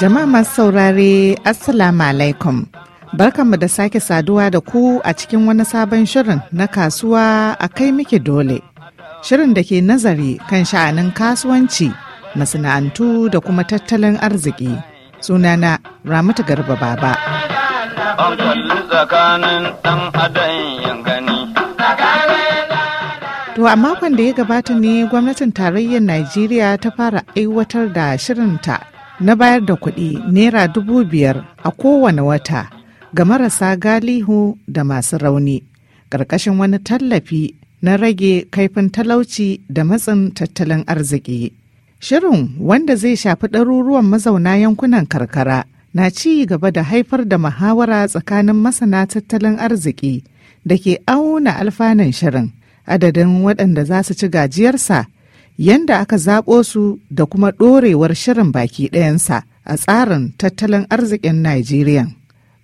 Jama'a masu saurare Assalamu alaikum. Barkanmu da sake saduwa da ku a cikin wani sabon shirin na kasuwa a kai muke dole. Shirin da ke nazari kan sha'anin kasuwanci, masana'antu da kuma tattalin arziki. Sunana Ramatu Garba Baba. To a makon da ya gabata ne gwamnatin tarayyar Najeriya ta fara aiwatar da shirinta na bayar da kuɗi naira dubu biyar a kowane wata ga marasa galihu da masu rauni ƙarƙashin wani tallafi na rage kaifin talauci da matsin tattalin arziki. Shirin wanda zai shafi ɗaruruwan mazauna yankunan karkara na ci gaba da haifar da muhawara tsakanin masana tattalin arziki da ke auna alfanun shirin adadin waɗanda za su ci gajiyarsa yanda aka zaɓo su da kuma ɗorewar shirin baki ɗayansa a tsarin tattalin arzikin Najeriya.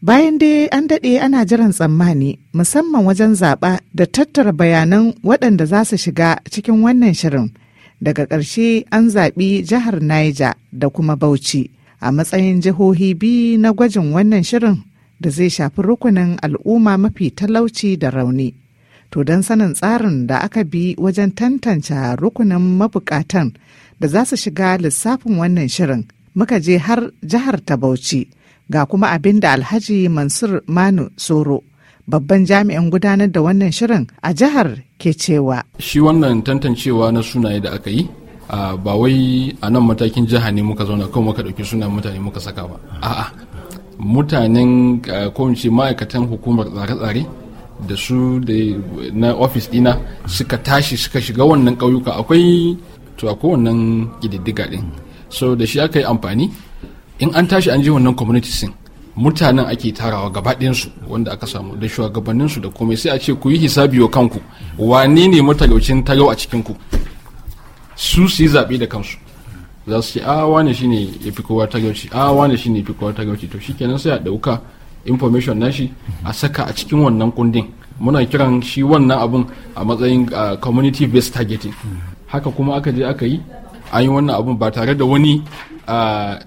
Bayan dai an daɗe ana jiran tsammani musamman wajen zaɓa da tattara bayanan waɗanda za su shiga cikin wannan shirin. Daga ƙarshe an zaɓi jihar Niger da kuma Bauchi a matsayin jihohi biyu na gwajin wannan shirin da zai shafi rukunin al'umma mafi talauci da rauni. to don sanin tsarin da aka bi wajen tantance rukunin mabukatan da za su shiga lissafin wannan shirin muka je har jihar ta bauchi ga kuma abin da alhaji mansur manu soro babban jami'in gudanar da wannan shirin a jihar ke cewa shi wannan tantancewa na sunaye da aka yi ba wai a nan matakin jiha ne muka zauna kawai muka ɗauki sunan mutane muka saka ba a'a mutanen ko ma'aikatan hukumar tsare-tsare da su da na ofis dina suka tashi suka shiga wannan ƙauyuka akwai to akwai wannan ƙididdiga ɗin so da shi aka yi amfani in an tashi an je wannan community sin mutanen ake tarawa gaba su wanda aka samu da su da komai sai a ce ku yi hisabi wa kanku wane ne matalaucin talau a cikinku su su yi zaɓe da kansu za su ce a ah, wane shine ya fi kowa gauci a ah, wane shine ya fi kowa gauci to shikenan sai a ɗauka information nashi a saka a cikin wannan kundin muna kiran shi wannan abun a matsayin community based targeting haka kuma aka je aka yi an yi wannan abun ba tare da wani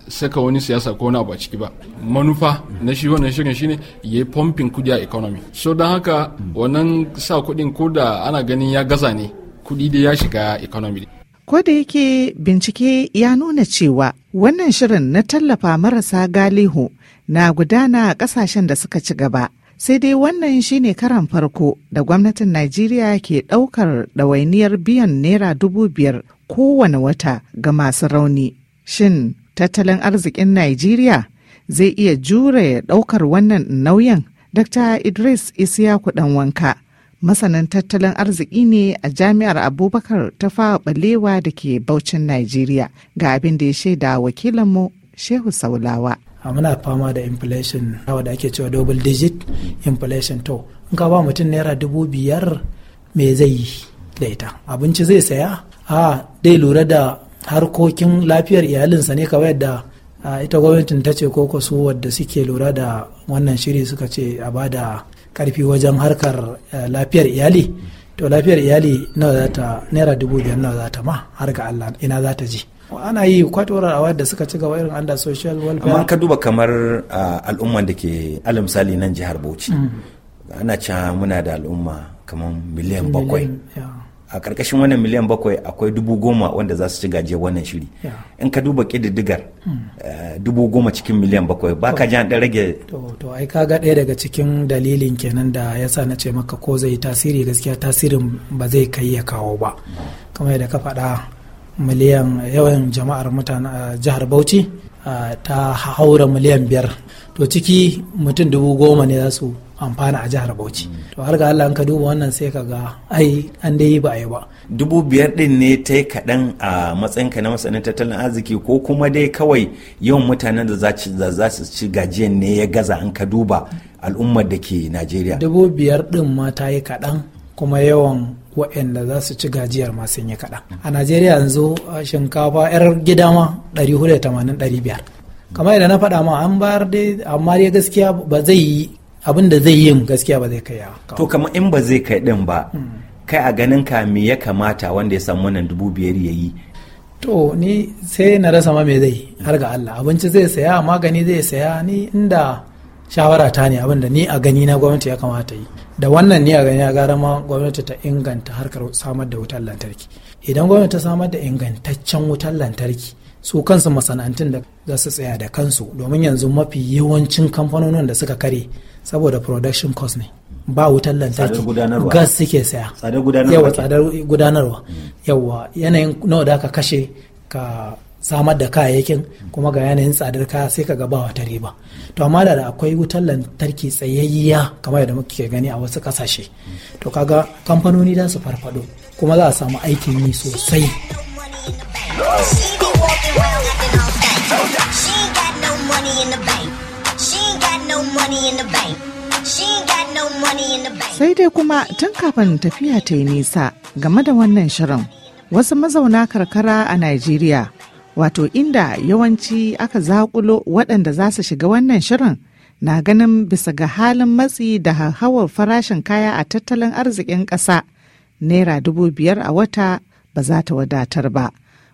saka wani siyasa ko wani abu ciki ba manufa na shi wannan shirin shine ya yi pumping kudi a economy so don haka wannan sa kudin ko da ana ganin ya gaza ne kudi da ya shiga economy ko da yake bincike ya nuna cewa wannan shirin na tallafa marasa galihu na gudana a ƙasashen da suka ci gaba. Sai dai wannan shine karan farko da gwamnatin Najeriya ke ɗaukar ɗawainiyar biyan Naira dubu biyar kowane wata ga masu rauni. Shin tattalin arzikin Najeriya zai iya jure ɗaukar wannan nauyin? Dr. Idris Isiyaku dan wanka. masanin tattalin arziki ne a jami'ar abubakar ta fawa balewa da ke baucin najeriya ga abin da ya shaida wakilanmu shehu saulawa Ah, muna fama da inflation da ake cewa double digit inflation to in ka ba mutum naira dubu biyar me zai yi da ita abinci zai saya a ah, dai lura da harkokin lafiyar iyalinsa ne kawai da ah, ita gwamnatin ta ce ko su wadda suke lura da wannan shiri suka ce a ba da karfi wajen harkar eh, lafiyar iyali to lafiyar iyali nawa za ta naira dubu biyar nawa za ta ma har ga allah ina za ta ji ana yi kwatorar awa da suka ci gaba irin under social welfare amma ka duba kamar al'umman da ke alal misali nan jihar bauchi mm. ana cewa muna da al'umma kamar miliyan bakwai a ƙarƙashin wannan miliyan bakwai akwai dubu goma wanda za su ci gaje wannan shiri in ka duba ƙididdigar mm. eh, dubu goma cikin miliyan bakwai ba ka jan ɗan rage to ai ka ga ɗaya daga cikin dalilin kenan da ya sa na ce maka ko zai tasiri gaskiya tasirin ba zai kai ya kawo ba kamar yadda ka faɗa miliyan yawan jama'ar mutane a jihar bauchi ta haura miliyan biyar to ciki mutum dubu goma ne za su amfana a jihar bauchi to har ga allah ka duba wannan sai ka ga ai an dai ba a yi ba dubu biyar din ne ta yi kaɗan a matsayinka na masanin tattalin arziki ko kuma dai kawai yawan mutanen da za su ci gajiyan ne ya gaza an ka duba al'ummar da ke najeriya dubu biyar din ma ta yi kaɗan kuma yawan waɗanda za su ci gajiyar ma sun yi kaɗan a najeriya yanzu shinkafa yar gida ma 480-500 kamar yadda na faɗa ma an bayar dai amma dai gaskiya ba zai yi abin da zai yin gaskiya ba zai kai yawa to kama in ba zai kai ɗin ba hmm. kai a ganin ka me ya kamata wanda ya samu wannan dubu biyar ya yi to ni sai na rasa ma me zai har ga Allah abinci zai saya magani zai saya ni inda shawara ta ne abinda ni a gani na gwamnati ya kamata yi da wannan ni a gani na gara ma gwamnati ta inganta harkar samar da wutar lantarki idan gwamnati ta samar da ingantaccen wutar lantarki su kansu masana'antun da za su tsaya da kansu domin yanzu mafi yawancin kamfanonin da suka kare saboda production cost ne ba wutar lantarki gas suke saya yawa tsadar gudanarwa yawa yanayin nawa da ka kashe ka samar da kayayyakin kuma ga yanayin tsadar kaya sai ka ga ba wata riba to amma da akwai wutar lantarki tsayayya kamar yadda muke gani a wasu kasashe to kaga kamfanoni za su farfado kuma za a samu aikin yi sosai Sai dai kuma tun kafin tafiya ta yi nisa game da wannan shirin wasu mazauna karkara a Najeriya wato inda yawanci aka zaƙulo waɗanda za su shiga wannan shirin na ganin bisa ga halin matsi da hauhawar farashin kaya a tattalin arzikin ƙasa naira dubu biyar a wata ba za ta wadatar ba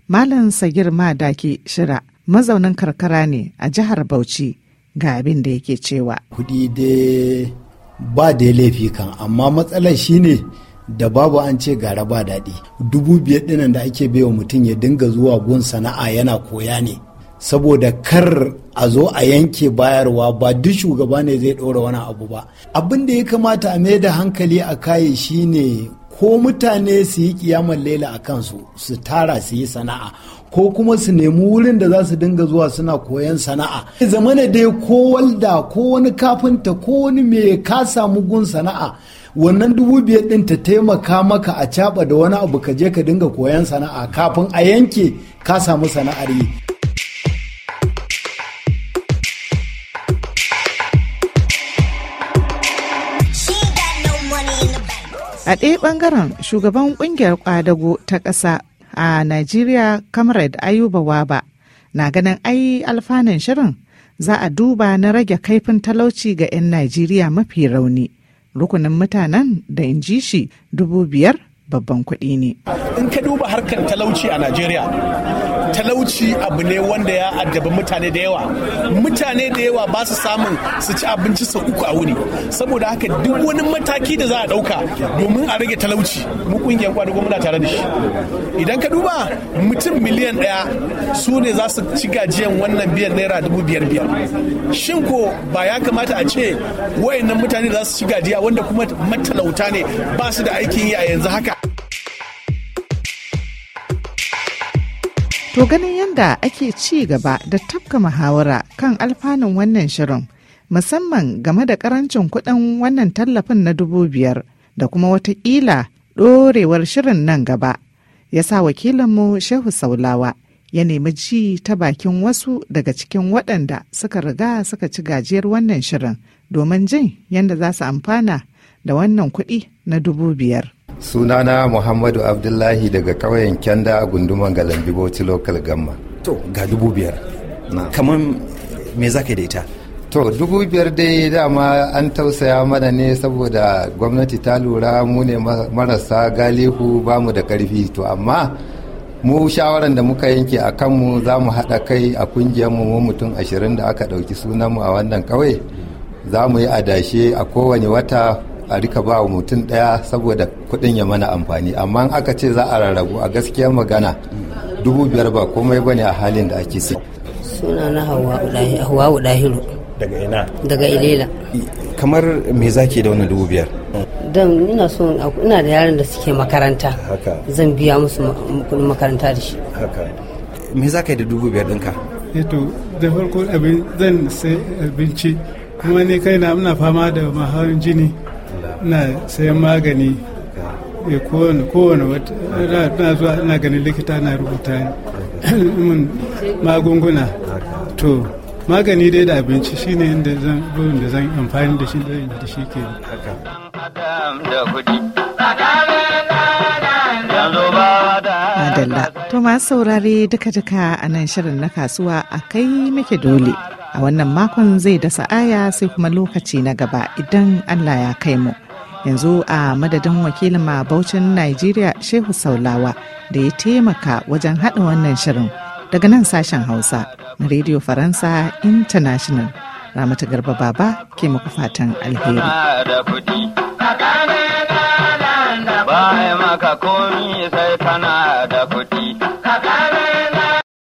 malam sagir madaki shira mazaunin karkara ne a jihar bauchi ga abin da yake cewa kudi dai ba da laifi kan amma matsalar shine da babu an ce gara ba daɗi dubu biyar ɗinan da ake baiwa mutum ya dinga zuwa gun sana'a yana koya ne saboda kar a zo a yanke bayarwa ba duk shugaba ne zai ɗora wani abu ba abin da ya kamata a mai da hankali a kayi shine ko mutane su yi kiyamar laila a kansu su tara su yi sana'a ko kuma su nemi wurin da za su dinga zuwa suna koyan sana'a zamana dai ko walda ko wani kafinta ko wani mai ka samu gun sana'a wannan dubu biyar ɗin ta taimaka maka a caɓa da wani abu ka je ka dinga koyan sana'a kafin a yanke ka samu sana'ar yi a ɗaya ɓangaren shugaban ƙungiyar ƙwadago ta ƙasa a najeriya comrade ayuba waba na ganin ai alfanun shirin za a duba na rage kaifin talauci ga 'yan najeriya mafi rauni rukunin mutanen da in ji shi dubu biyar babban kuɗi ne. In ka duba harkar talauci a Najeriya, talauci abu ne wanda ya addabi mutane da yawa. Mutane da yawa ba su samun su ci abinci sau uku a wuni. Saboda haka duk wani mataki da za a ɗauka domin a rage talauci, mu ƙungiyar duk muna tare da shi. Idan ka duba mutum miliyan ɗaya su ne za su ci gajiyan wannan biyan naira dubu biyar biyar. Shin ko ba ya kamata a ce wayannan mutane da za su ci gajiya wanda kuma matalauta ne ba su da aikin yi a yanzu haka To ganin yadda ake ci gaba da tafka muhawara kan alfanun wannan shirin musamman game da karancin kuɗin wannan tallafin na dubu biyar da kuma watakila ɗorewar shirin nan gaba ya sa wakilinmu shehu saulawa ya nemi ji ta bakin wasu daga cikin waɗanda suka riga suka ci gajiyar wannan shirin domin jin yadda za su amfana da wannan kuɗi na dubu biyar. sunana muhammadu abdullahi daga ƙauyen kyanda a gunduman galan bauchi local gamma to ga dubu biyar kamar me za ka yi da ita to dubu biyar dai dama an tausaya mana ne saboda gwamnati ta lura mu ne marasa galihu ba da karfi to amma mu shawaran da muka yanke a kanmu za mu haɗa kai a kungiyarmu mu mutum ashirin da aka ɗauki sunanmu a wannan ƙauye za mu yi adashe a kowane wata a rika ba wa mutum ɗaya saboda kuɗin ya mana amfani amma aka ce za a rarrabu a gaskiyar magana dubu biyar ba komai bane a halin da ake sai suna na hawa dahiru daga ina daga ilela kamar me zaki da wannan dubu biyar don ina so ina da yaran da suke makaranta zan biya musu kuɗin makaranta da shi me za ka yi da dubu biyar ɗinka eto eh da farko abin zan sai abinci kuma ne kai na muna fama da mahawan jini ina sayan magani ya kowane wata na zuwa ina ganin likita na rubuta min magunguna to magani dai da abinci shine inda zan burin da zan amfani da shi da shi ke Adalla, to masu saurare duka-duka a nan shirin na kasuwa a kai muke dole. a wannan makon zai dasa aya sai kuma lokaci na gaba idan Allah ya kai mu. yanzu a madadin wakilin ma Bauchin Najeriya Shehu Saulawa da ya taimaka wajen haɗa wannan shirin daga nan sashen Hausa na Radio Faransa International. Ramatu Garba Baba ke muku fatan alheri.